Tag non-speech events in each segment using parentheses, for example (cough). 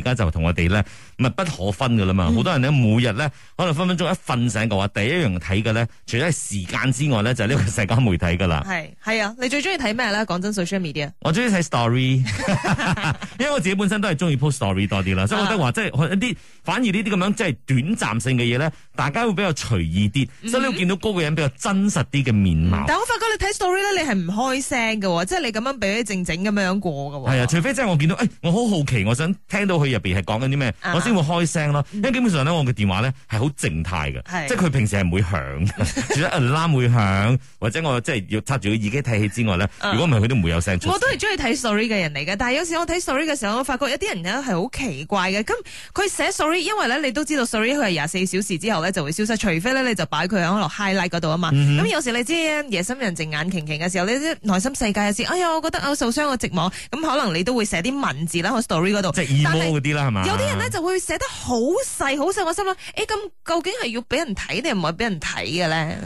而家就同我哋咧，密不可分噶啦嘛！好、嗯、多人咧，每日咧可能分分鐘一瞓醒嘅話，第一樣睇嘅咧，除咗係時間之外咧，就呢、是、個社交媒體噶啦。係係啊！你最中意睇咩咧？講真，social media！我中意睇 story， (laughs) (laughs) 因為我自己本身都係中意 post story 多啲啦， (laughs) 所以我覺得話即係一啲反而呢啲咁樣即係、就是、短暫性嘅嘢咧，大家會比較隨意啲，嗯、哼所以你會見到嗰個人比較真實啲嘅面貌。嗯、但我發覺你睇 story 咧，你係唔開聲嘅，即、就、係、是、你咁樣俾佢靜靜咁樣過嘅。係啊，除非即係我見到，誒、哎，我好好奇，我想聽到佢。入邊係講緊啲咩？Uh huh. 我先會開聲咯，因為基本上咧，我嘅電話咧係好靜態嘅，mm hmm. 即係佢平時係唔會響嘅，除咗 alarm 會響，或者我即係要插住個耳機睇戲之外咧，如果唔係佢都唔會有聲。我都係中意睇 story 嘅人嚟嘅，但係有時我睇 story 嘅時候，我發覺有啲人咧係好奇怪嘅。咁佢寫 story，因為咧你都知道 story 佢係廿四小時之後咧就會消失，除非咧你就擺佢響落 highlight 嗰度啊嘛。咁、mm hmm. 有時你知道夜深人靜眼擎擎嘅時候，你啲內心世界有時，哎呀，我覺得我受傷，我寂寞，咁可能你都會寫啲文字啦，喺 story 嗰度。是啲啦，係嘛？有啲人咧就會寫得好細好細個心啦。誒、欸、咁究竟係要俾人睇定唔係俾人睇嘅咧？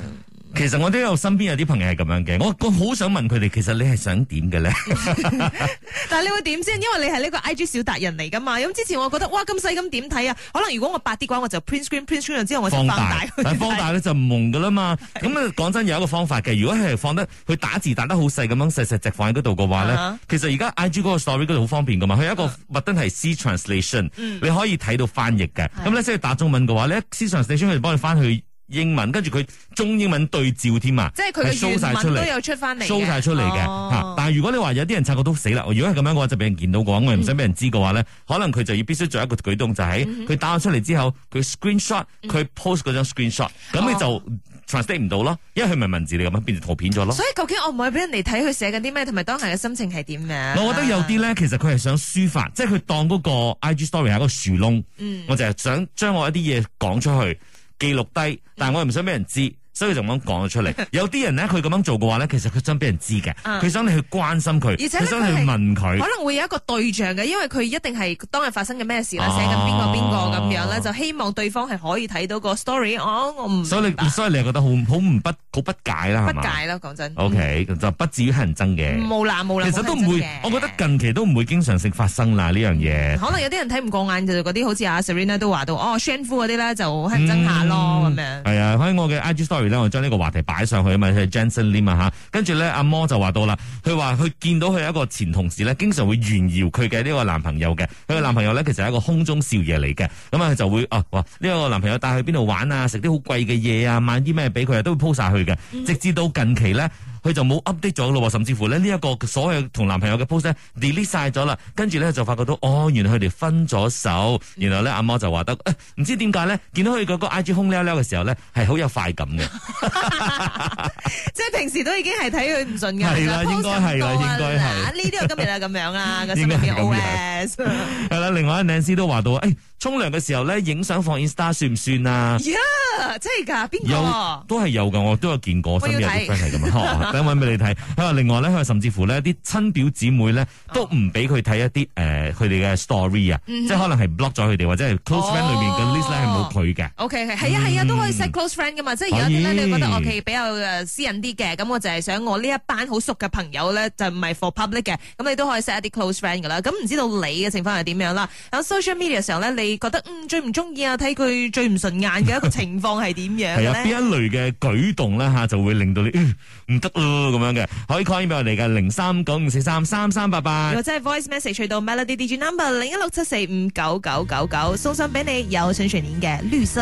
其實我都有身邊有啲朋友係咁樣嘅，我我好想問佢哋，其實你係想點嘅咧？ (laughs) (laughs) 但係你會點先？因為你係呢個 I G 小達人嚟噶嘛。咁之前我覺得，哇咁細咁點睇啊？可能如果我白啲嘅話，我就 print screen print screen 之後我放大。放大但放大呢就唔蒙噶啦嘛。咁啊講真，有一個方法嘅。如果係放得佢打字打得好細咁樣細細直放喺嗰度嘅話咧，uh huh. 其實而家 I G 嗰個 story 嗰度好方便噶嘛。佢有一個 button 係 C translation、uh huh. 你可以睇到翻譯嘅。咁的即係打中文嘅話咧，C translation 佢就幫你翻去。英文跟住佢中英文對照添啊，即係佢嘅原文都出，原文都有出翻嚟，收晒出嚟嘅、哦、但係如果你話有啲人察覺都死啦，如果係咁樣嘅話就俾人見到嘅話，嗯、我又唔想俾人知嘅話咧，可能佢就要必須做一個舉動，就係、是、佢打咗出嚟之後，佢 Screenshot 佢 post 嗰張 Screenshot，咁、嗯、你就 translate 唔到咯，哦、因為佢咪文字嚟咁樣，變成圖片咗咯。所以究竟我唔可以俾人嚟睇佢寫緊啲咩，同埋當下嘅心情係點嘅？我覺得有啲咧，其實佢係想抒發，即係佢當嗰個 IG Story 係一個樹窿，嗯、我就係想將我一啲嘢講出去。記錄低，但係我又唔想俾人知。所以就咁講咗出嚟，有啲人咧佢咁樣做嘅話咧，其實佢想俾人知嘅，佢想你去關心佢，佢想你去問佢，可能會有一個對象嘅，因為佢一定係當日發生嘅咩事啦，寫緊邊個邊個咁樣咧，就希望對方係可以睇到個 story。我我唔，所以你所以你覺得好好唔不好不解啦，係嘛？不解咯，講真。O K，就不至於係人爭嘅。冇啦冇啦，其實都唔會，我覺得近期都唔會經常性發生啦呢樣嘢。可能有啲人睇唔過眼，就嗰啲好似阿 Serena 都話到，哦，Shane 夫嗰啲咧就黑人憎下咯咁樣。係啊，反正我嘅 IG story。咧我將呢個話題擺上去啊嘛，佢、就、係、是、Jenson Lim 啊吓，跟住咧阿摩就話到啦，佢話佢見到佢有一個前同事咧，經常會炫耀佢嘅呢個男朋友嘅，佢嘅男朋友咧其實係一個空中少爺嚟嘅，咁、嗯、啊就會哦、啊，哇呢、這個男朋友帶去邊度玩啊，食啲好貴嘅嘢啊，買啲咩俾佢啊，都會 po 晒佢嘅，直至到近期咧。佢就冇 update 咗咯喎，甚至乎咧呢一、這個所有同男朋友嘅 post delete 晒咗啦，跟住咧就發覺到哦，原來佢哋分咗手，然後咧、嗯、阿茂就話得誒，唔知點解咧，見到佢個 IG 空寥寥嘅時候咧係好有快感嘅。 (laughs) (laughs) 即係平時都已經係睇佢唔順嘅。係啦的，要應該係啦，應該係。呢啲我今日咧咁樣啊，個身邊 OS 係啦，另外一靚師都話到、哎沖涼嘅時候咧，影相放 Insta 算唔算啊？呀、yeah，真係噶邊個都係有噶我都有見過身邊有啲 friend 係咁啊， (laughs) 等搵俾你睇。另外咧，甚至乎咧，啲親表姊妹咧，都唔俾佢睇一啲誒，佢哋嘅 story 啊，即係可能係 block 咗佢哋，或者係 close friend 裏面嘅 list 咧係冇佢嘅。O K，係啊係、嗯、啊，都可以 set close friend 噶嘛，即係而家啲你覺得我哋以、OK, 比較私隱啲嘅，咁我就係想我呢一班好熟嘅朋友咧，就唔係 for public 嘅，咁你都可以 set 一啲 close friend 噶啦。咁唔知道你嘅情況係點樣啦？喺 social media 上咧，你。覺得嗯最唔中意啊，睇佢最唔順眼嘅一個情況係點樣？係係 (laughs) 啊，邊一類嘅舉動咧吓、啊，就會令到你唔、呃、得咯咁樣嘅。可以 call 俾我哋嘅零三九五四三三三八八，或者係 voice message 到 Melody DJ number 零一六七四五九九九九，送上俾你有信水年嘅綠色。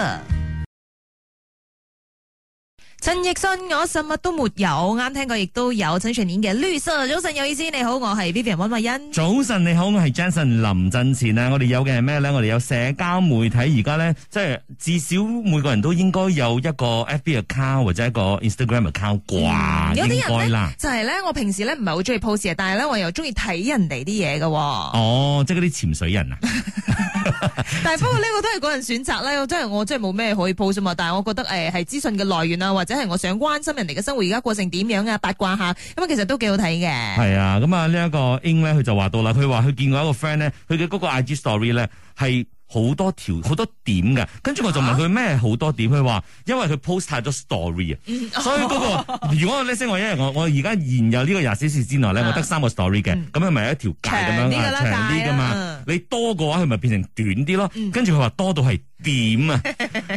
陳奕迅，我什乜都沒有。啱聽過，亦都有陳奕迅演嘅綠色。早晨有意思，你好，我係 Vivian 溫慧欣。早晨你好，我係 Jason 林振前啊。我哋有嘅係咩咧？我哋有社交媒體，而家咧即係至少每個人都應該有一個 FB account 或者一個 Instagram account 啩。嗯、有啲人應該啦。就係咧，我平時咧唔係好中意 post 嘅，但係咧我又中意睇人哋啲嘢嘅。哦，即係嗰啲潛水人啊！ (laughs) (laughs) 但係不過呢個都係個人選擇啦。我真係我真係冇咩可以 post 啊，但係我覺得誒係資訊嘅來源啊，或者。即係我想關心人哋嘅生活，而家過成點樣啊？八卦下，咁啊，其實都幾好睇嘅。係啊，咁啊，呢一個 In 咧，佢就話到啦。佢話佢見過一個 friend 咧，佢嘅嗰個 IG story 咧係好多條好多點嘅。跟住我就問佢咩好多點，佢話因為佢 post 太多 story 啊。所以嗰個如果我呢聲，我因為我我而家現有呢個廿四小時之內咧，我得三個 story 嘅。咁佢咪一條街咁樣啊，長啲噶嘛。你多嘅話，佢咪變成短啲咯。跟住佢話多到係。 (laughs) 點啊！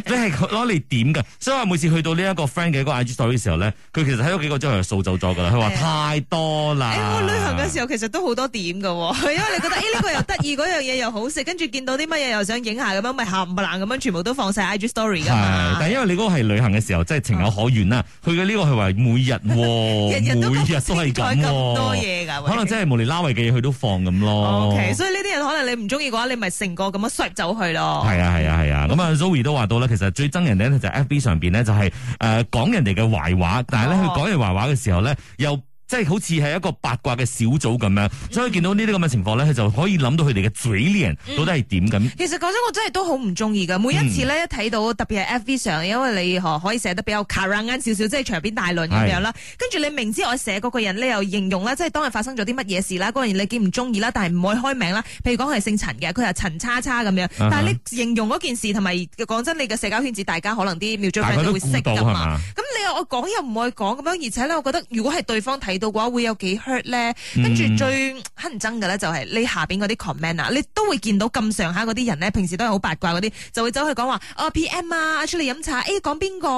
你係攞嚟點噶？所以話每次去到呢一個 friend 嘅嗰個 IG story 嘅時候咧，佢其實睇咗幾個之後就掃走咗噶啦。佢話太多啦。欸、我旅行嘅時候其實都好多點噶，係因為你覺得呢、 (laughs) 欸這個又得意，嗰樣嘢又好食，跟住見到啲乜嘢又想影下咁樣，咪冚唪唥咁樣，全部都放晒 IG story 噶。但係因為你嗰個係旅行嘅時候，即係情有可原啦。佢嘅呢個係話每日， (laughs) 每日都係咁多嘢噶。可能真係無理拉圍嘅嘢，佢都放咁咯。Okay，所以呢啲人可能你唔中意嘅話，你咪成個咁樣甩走去咯。係啊，係啊，係。咁啊，Zoe 都話到啦，其實最憎人哋咧就係 FB 上邊咧，就係誒講人哋嘅壞話，但係咧佢講人壞話嘅時候咧又。即係好似係一個八卦嘅小組咁樣，嗯、所以見到呢啲咁嘅情況咧，佢就可以諗到佢哋嘅嘴臉到底係點咁。其實講真，我真係都好唔中意噶。每一次咧一睇到，特別係 FB 上，嗯、因為你可以寫得比較卡硬啲少少，即、就、係、是、長篇大論咁樣啦。跟住是你明知我寫嗰個人咧，你又形容啦，即、就、係、是、當日發生咗啲乜嘢事啦。嗰、那個、人你幾唔中意啦，但係唔可以開名啦。譬如講係姓陳嘅，佢係陳叉叉咁樣。啊、哈但係你形容嗰件事同埋講真的，你嘅社交圈子，大家可能啲妙追 friend 會識噶嘛。嗯嗯我講又唔會講咁樣，而且咧，我覺得如果係對方睇到嘅話，會有幾 hurt 咧。跟住、嗯、最乞人憎嘅咧，就係你下邊嗰啲 comment 啊，你都會見到咁上下嗰啲人咧，平時都係好八卦嗰啲，就會走去講話哦 PM 啊, PM 啊出嚟飲茶，誒講邊個，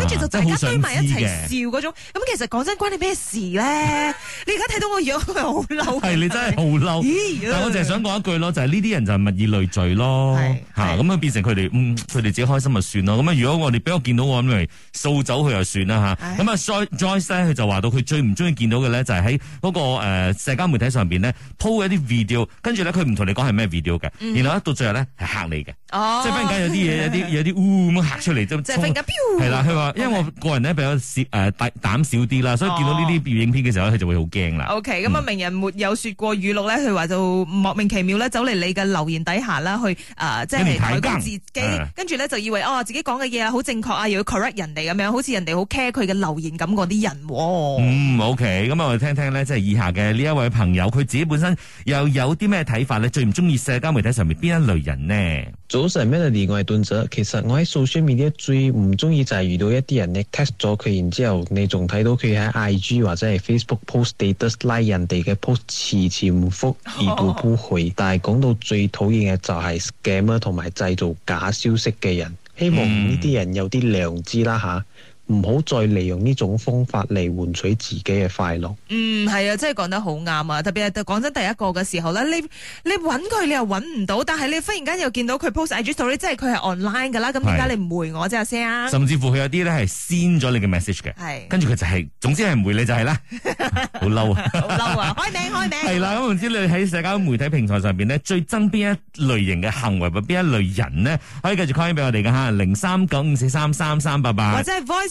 跟住、啊啊、就大家堆埋一齊笑嗰種。咁其實講真，關你咩事咧？ (laughs) 你而家睇到我樣，佢好嬲， (laughs) 係，你真係好嬲。咦但我淨係想講一句咯，就係呢啲人就係物以類聚咯，咁樣、嗯、變成佢哋，佢、嗯、哋自己開心咪算咯。咁如果我哋俾我見到我咁掃走佢算啦嚇，咁啊 Joyce 咧，佢就話到佢最唔中意見到嘅咧，就係喺嗰個社交媒體上邊咧 po 一啲 video，跟住咧佢唔同你講係咩 video 嘅，然後到最後咧係嚇你嘅，即係忽然間有啲嘢有啲有啲噏嚇出嚟，即係忽然間彪，係啦，佢話因為我個人咧比較少誒膽小啲啦，所以見到呢啲短影片嘅時候咧，佢就會好驚啦。O K，咁啊名人沒有説過語錄咧，佢話就莫名其妙咧走嚟你嘅留言底下啦，去誒即係改改自己，跟住咧就以為哦自己講嘅嘢好正確啊，又要 correct 人哋咁樣，好似人。你好 care 佢嘅留言感、哦，咁嗰啲人。嗯，OK，咁啊，我哋聽聽咧，即係以下嘅呢一位朋友，佢自己本身又有啲咩睇法咧？最唔中意社交媒體上面邊一類人呢？早晨上 Melody，我係段澤。其實我喺 social 面啲最唔中意就係遇到一啲人，你 test 咗佢，然之後你仲睇到佢喺 IG 或者係 Facebook post 啲拉、like、人哋嘅 post s, 遲遲唔復，二度補回。哦、但係講到最討厭嘅就係 scammer 同埋製造假消息嘅人。希望呢啲人有啲良知啦，吓。唔好再利用呢種方法嚟換取自己嘅快樂。嗯，係啊，真係講得好啱啊！特別係講真第一個嘅時候咧，你你揾佢，你又揾唔到，但係你忽然間又見到佢 post IG story，即係佢係 online 噶啦，咁點解你唔回我啫聲啊？甚至乎佢有啲咧係先咗你嘅 message 嘅，跟住佢就係、是，總之係唔回你就係啦，好嬲 (laughs) 啊，好嬲 (laughs) 啊！開名開名，係啦、 (laughs) 啊，咁唔知你喺社交媒體平台上邊呢，最憎邊一類型嘅行為或邊 (laughs) 一類人呢？可以繼續 call 俾我哋㗎。吓零三九五四三三三八八，或者係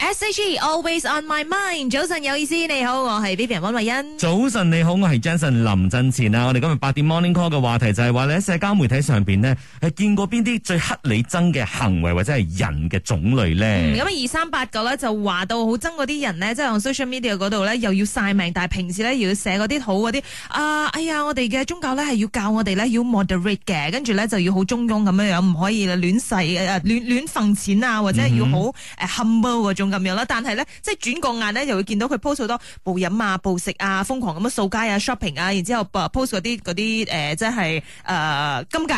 SAG always on my mind。早晨有意思，你好，我係 Vivian 溫慧欣。早晨你好，我係 Jason 林振前啊！我哋今日八點 morning call 嘅話題就係話咧喺社交媒體上邊咧係見過邊啲最乞你憎嘅行為或者係人嘅種類咧。咁、啊、二三八九咧就話到好憎嗰啲人咧，即係喺 social media 嗰度咧又要晒命，但係平時咧又要寫嗰啲好嗰啲啊！哎呀，我哋嘅宗教咧係要教我哋咧要 moderate 嘅，跟住咧就要好中庸咁樣樣，唔可以亂世誒亂亂份錢啊，或者係要好誒 humble 嗰種。嗯咁樣啦，但係咧，即係轉個眼咧，就會見到佢 post 好多暴飲啊、暴食啊、瘋狂咁樣掃街啊、shopping 啊，然之後 post 嗰啲嗰啲誒，即係誒金戒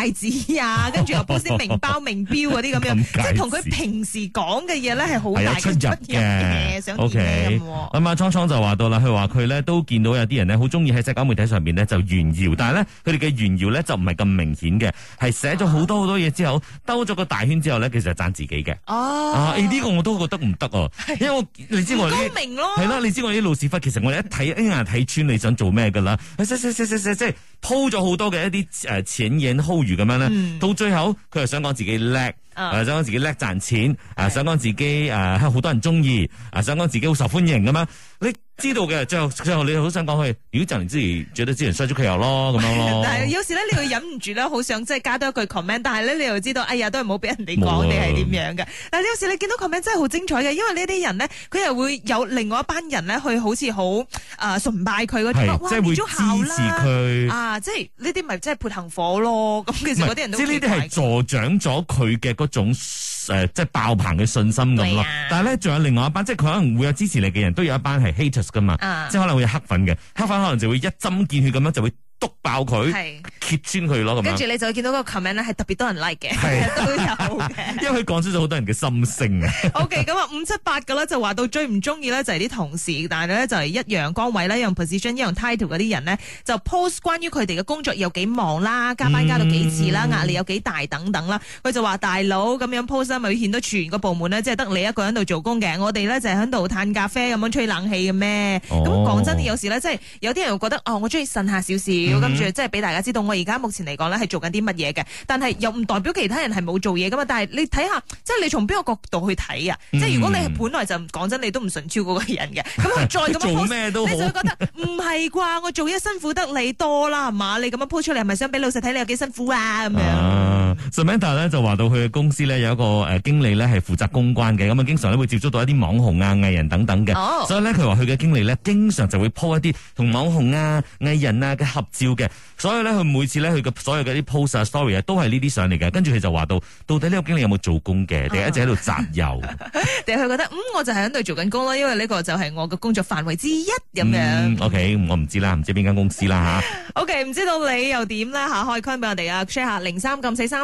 指啊，跟住又 post 名包名錶嗰啲咁樣，即係同佢平時講嘅嘢咧係好大嘅出入嘅。O K，咁阿聡聡就話到啦，佢話佢咧都見到有啲人咧好中意喺社交媒體上邊咧就炫耀，但係咧佢哋嘅炫耀咧就唔係咁明顯嘅，係寫咗好多好多嘢之後兜咗個大圈之後咧，其實係讚自己嘅。哦，誒呢個我都覺得唔得。哦，因為你知我啲係啦，你知我啲老屎忽，其實我哋一睇，哎呀睇穿你想做咩噶啦，即即即鋪咗好多嘅一啲誒淺影虛如咁樣咧，到最後佢又想講自己叻，誒想講自己叻賺錢、啊，誒想講自己誒好多人中意，誒想講自己好受歡迎咁樣，你，知道嘅，最後最後你好想講佢，如果就你自己覺得之前衰咗佢又咯咁樣咯。 (laughs) 但係有時咧，你、這、會、個、忍唔住咧，好想即係加多一句 comment，但係咧你又知道，哎呀都係冇俾人哋講，你係點樣嘅。但係有時你見到 comment 真係好精彩嘅，因為呢啲人咧，佢又會有另外一班人咧，去好似好誒崇拜佢嗰啲，是哇即係會支持佢啊，即係呢啲咪即係潑行火咯。咁其實嗰啲人都知呢啲係助長咗佢嘅個種。誒、呃，即係爆棚嘅信心咁咯。呀但係咧，仲有另外一班，即係佢可能會有支持你嘅人都有一班係 haters 噶嘛。嗯、即係可能會有黑粉嘅，黑粉可能就會一針見血咁樣就會篤爆佢。揭穿佢咯，跟住你就會見到嗰 comment 咧係特別多人 like 嘅，是都有嘅， (laughs) 因為佢講出咗好多人嘅心聲啊。O K，咁啊五七八嘅啦，就話到最唔中意咧就係啲同事，但係咧就係、是、一樣崗位咧，一樣 position 一樣 title 嗰啲人咧就 post 關於佢哋嘅工作有幾忙啦，加班加到幾次啦，壓力有幾大等等啦。佢、嗯、就話大佬咁樣 post 咪顯到全個部門咧，即係得你一個人喺度做工嘅，我哋咧就係喺度嘆咖啡咁樣吹冷氣嘅咩？咁講、哦、真，有時咧即係有啲人會覺得哦，我中意呻下少少，跟住即係俾大家知道我。而家目前嚟講咧，係做緊啲乜嘢嘅？但係又唔代表其他人係冇做嘢噶嘛？但係你睇下，即係你從邊個角度去睇啊？嗯、即係如果你係本來就講真，你都唔順超嗰個人嘅，咁佢 (laughs) 再咁做咩都好，你就會覺得唔係啩？我做嘢辛苦得你多啦，係嘛？你咁樣 post 出嚟係咪想俾老細睇你有幾辛苦啊？咁、啊 Samantha 咧就話到佢嘅公司咧有一個誒經理咧係負責公關嘅，咁啊經常咧會接觸到一啲網紅啊藝人等等嘅，oh. 所以咧佢話佢嘅經理咧經常就會 po 一啲同網紅啊藝人啊嘅合照嘅，所以咧佢每次咧佢嘅所有嘅啲 post 啊 story 啊都係呢啲上嚟嘅。跟住佢就話到到底呢個經理有冇做工嘅？定係一直喺度集郵？定係佢覺得嗯我就係喺度做緊工啦，因為呢個就係我嘅工作範圍之一咁樣。嗯、o、okay, K 我唔知啦，唔知邊間公司啦吓。O K 唔知道你又點咧吓？開腔俾我哋啊 check 下零三撳四三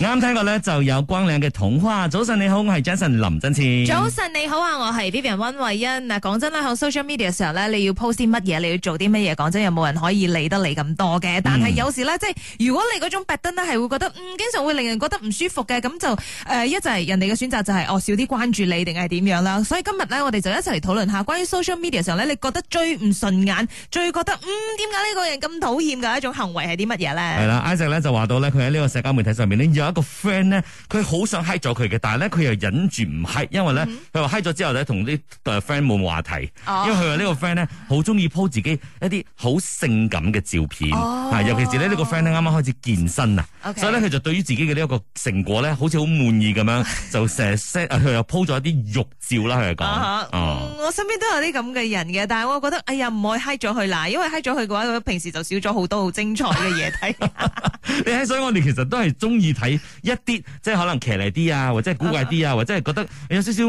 啱聽過咧，就有光亮嘅童話。早晨你好，我係 Jason 林振賜。早晨你好啊，我係 Vivian 溫慧欣。嗱，講真啦，喺 social media 嘅時候咧，你要 post 啲乜嘢，你要做啲乜嘢？講真，有冇人可以理得理你咁多嘅？但係有時咧，嗯、即係如果你嗰種白燈呢，係會覺得嗯，經常會令人覺得唔舒服嘅。咁就誒、呃，一就係人哋嘅選擇就係、是、我、哦、少啲關注你，定係點樣啦？所以今日咧，我哋就一齊嚟討論下關於 social media 嘅時候你覺得最唔順眼、最覺得嗯，點解呢個人咁討厭嘅一種行為係啲乜嘢咧？係啦 Isaac 就話到佢喺呢個社交媒體上面有一個 friend 咧，佢好想嗨咗佢嘅，但係咧佢又忍住唔嗨，因為咧佢話嗨咗之後咧，同啲 friend 冇話題，oh. 因為佢話呢個 friend 咧好中意 po 自己一啲好性感嘅照片，oh. 尤其是咧呢個 friend 咧啱啱開始健身啊，oh. Okay. 所以咧佢就對於自己嘅呢一個成果咧，好似好滿意咁樣，就成日 set，佢又 po 咗一啲肉照啦，佢 (laughs) 就講。Uh huh. uh. 我身邊都有啲咁嘅人嘅，但係我覺得哎呀唔好 hi 咗佢嗱，因為嗨咗佢嘅話，佢平時就少咗好多好精彩嘅嘢睇。看看 (laughs) (laughs) 你睇，所以我哋其實都係中意睇。一啲即係可能騎嚟啲啊，或者係古怪啲啊，或者係覺得有少少。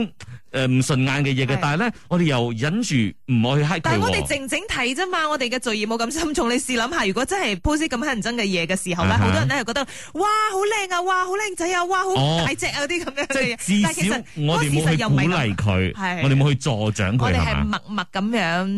誒，唔順眼嘅嘢嘅，但係咧，我哋又忍住唔去黑佢。但係我哋靜靜睇啫嘛，我哋嘅罪孽冇咁深重。你試諗下，如果真係 post 咁乞人憎嘅嘢嘅時候咧，好多人咧就覺得哇，好靚啊，哇，好靚仔啊，哇，好大隻啊啲咁樣嘅嘢。但係其實我哋冇去鼓勵佢，我哋冇去助長佢，係嘛？默默咁樣關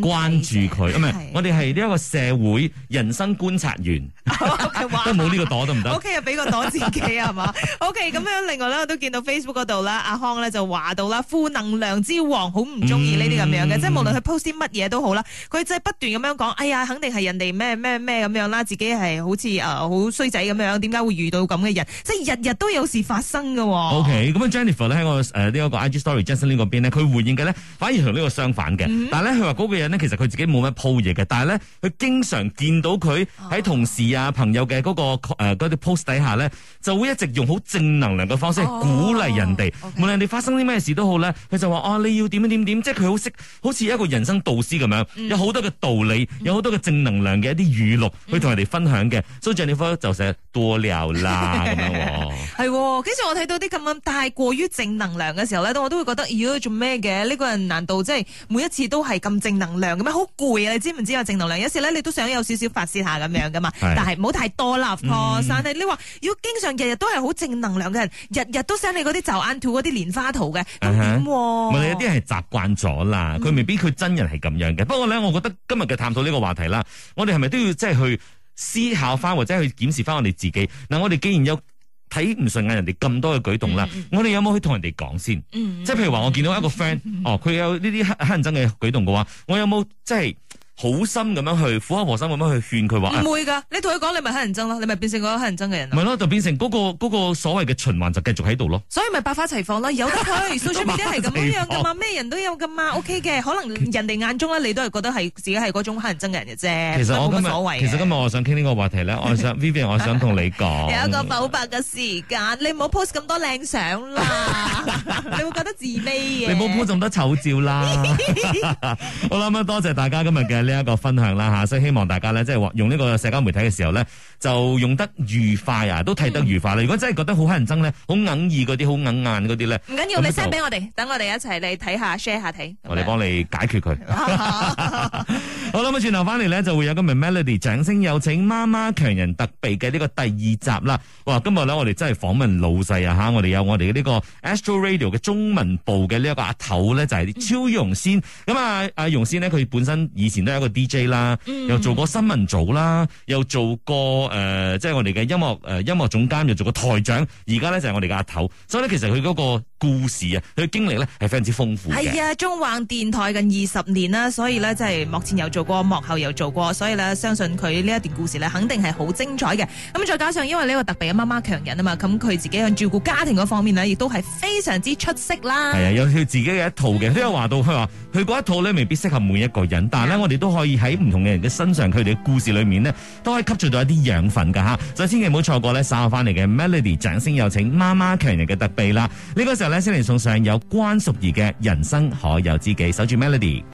注佢，唔係，我哋係呢一個社會人生觀察員，都冇呢個朵都唔得。OK，俾個朵自己係嘛？OK，咁樣另外咧，我都見到 Facebook 嗰度咧，阿康咧就話到啦，負能。能量之王好唔中意呢啲咁樣嘅，嗯、即係無論佢 post 啲乜嘢都好啦，佢即係不斷咁樣講，哎呀，肯定係人哋咩咩咩咁樣啦，自己係好似啊好衰仔咁樣，點、呃、解會遇到咁嘅人？即係日日都有事發生噶。OK，咁阿 Jennifer 咧喺我呢一、呃這個 IG story Jasmine 嗰邊咧，佢回應嘅呢，反而同呢個相反嘅，但係咧佢話嗰個人呢，其實佢自己冇咩 po 嘢嘅，但係呢，佢經常見到佢喺同事啊、哦、朋友嘅嗰、那個啲、呃、post 底下呢，就會一直用好正能量嘅方式鼓勵人哋，哦 okay、無論你發生啲咩事都好呢。就話啊，你要點點點，即係佢好識，好似一個人生導師咁樣，嗯、有好多嘅道理，有好多嘅正能量嘅一啲語錄，嗯、去同人哋分享嘅。所以張蓮花就成日多聊啦咁 (laughs) 樣。係、哦，跟住 (laughs) 我睇到啲咁樣太大過於正能量嘅時候呢我都會覺得，咦、哎，做咩嘅？呢、這個人難道即係每一次都係咁正能量咁樣好攰啊！你知唔知有正能量有時呢你都想有少少發泄下咁樣噶嘛？ (laughs) 但係唔好太多啦，不但、 (laughs) 嗯、你話如果經常日日都係好正能量嘅人，日日都想你嗰啲早安圖、嗰啲蓮花圖嘅，咪有啲係習慣咗啦，佢未必佢真人係咁樣嘅。嗯、不過咧，我覺得今日嘅探討呢個話題啦，我哋係咪都要即係去思考翻或者去檢視翻我哋自己？嗱，我哋既然有睇唔順眼人哋咁多嘅舉動啦，嗯、我哋有冇去同人哋講先？嗯、即係譬如話，我見到一個 friend，、嗯、哦，佢有呢啲乞乞人憎嘅舉動嘅話，我有冇即係？好心咁樣去苦口婆心咁樣去勸佢話唔會噶，你同佢講你咪黑人憎咯，你咪變成個黑人憎嘅人，咪咯就變成嗰個個所謂嘅循環就繼續喺度咯。所以咪百花齊放咯，有得佢 social media 係咁樣噶嘛，咩人都有噶嘛，OK 嘅。可能人哋眼中咧，你都係覺得係自己係嗰種黑人憎嘅人嘅啫。其實我所謂，其實今日我想傾呢個話題咧，我想 Vivian 我想同你講，有一個剖白嘅時間，你唔好 post 咁多靚相啦，你會覺得自卑。你唔好 post 咁多醜照啦。好啦，咁多謝大家今日嘅。呢一個分享啦吓，所以希望大家咧，即係用呢個社交媒體嘅時候咧。就用得愉快啊，都睇得愉快啦、啊。嗯、如果真係覺得好乞人憎咧，好硬意嗰啲，好硬硬嗰啲咧，唔緊要，你 send 俾我哋，等我哋一齊嚟睇下 share 下睇。我哋幫你解決佢。好啦，咁轉頭翻嚟咧，就會有今日 Melody 掌聲有請媽媽強人特備嘅呢個第二集啦。哇，今日咧我哋真係訪問老細啊吓，我哋有我哋嘅呢個 Astro Radio 嘅中文部嘅呢一個阿頭咧，就係、是、超容先咁、嗯、啊。阿容先咧，佢本身以前都係一個 DJ 啦，又做過新聞組啦，又做過、嗯。誒，即係、呃就是，我哋嘅音樂誒、呃，音樂總監又做個台長，而家咧就係我哋嘅阿頭，所以咧其實佢嗰、那個。故事啊，佢嘅經歷呢係非常之豐富嘅。係啊，中橫電台近二十年啦，所以呢，真係幕前有做過，幕後有做過，所以呢，相信佢呢一段故事呢，肯定係好精彩嘅。咁再加上因為呢個特備嘅媽媽強人啊嘛，咁佢自己喺照顧家庭嗰方面呢，亦都係非常之出色啦。係啊，有佢自己嘅一套嘅。都有話到佢話佢嗰一套呢，未必適合每一個人，但係呢，我哋都可以喺唔同嘅人嘅身上，佢哋嘅故事裏面呢，都可以吸取到一啲養分噶吓。所以千祈唔好錯過稍後翻嚟嘅 Melody 掌聲有請媽媽強人嘅特備啦。呢個時候。咧先嚟送上有關淑儀嘅人生可有知己，守住 Melody。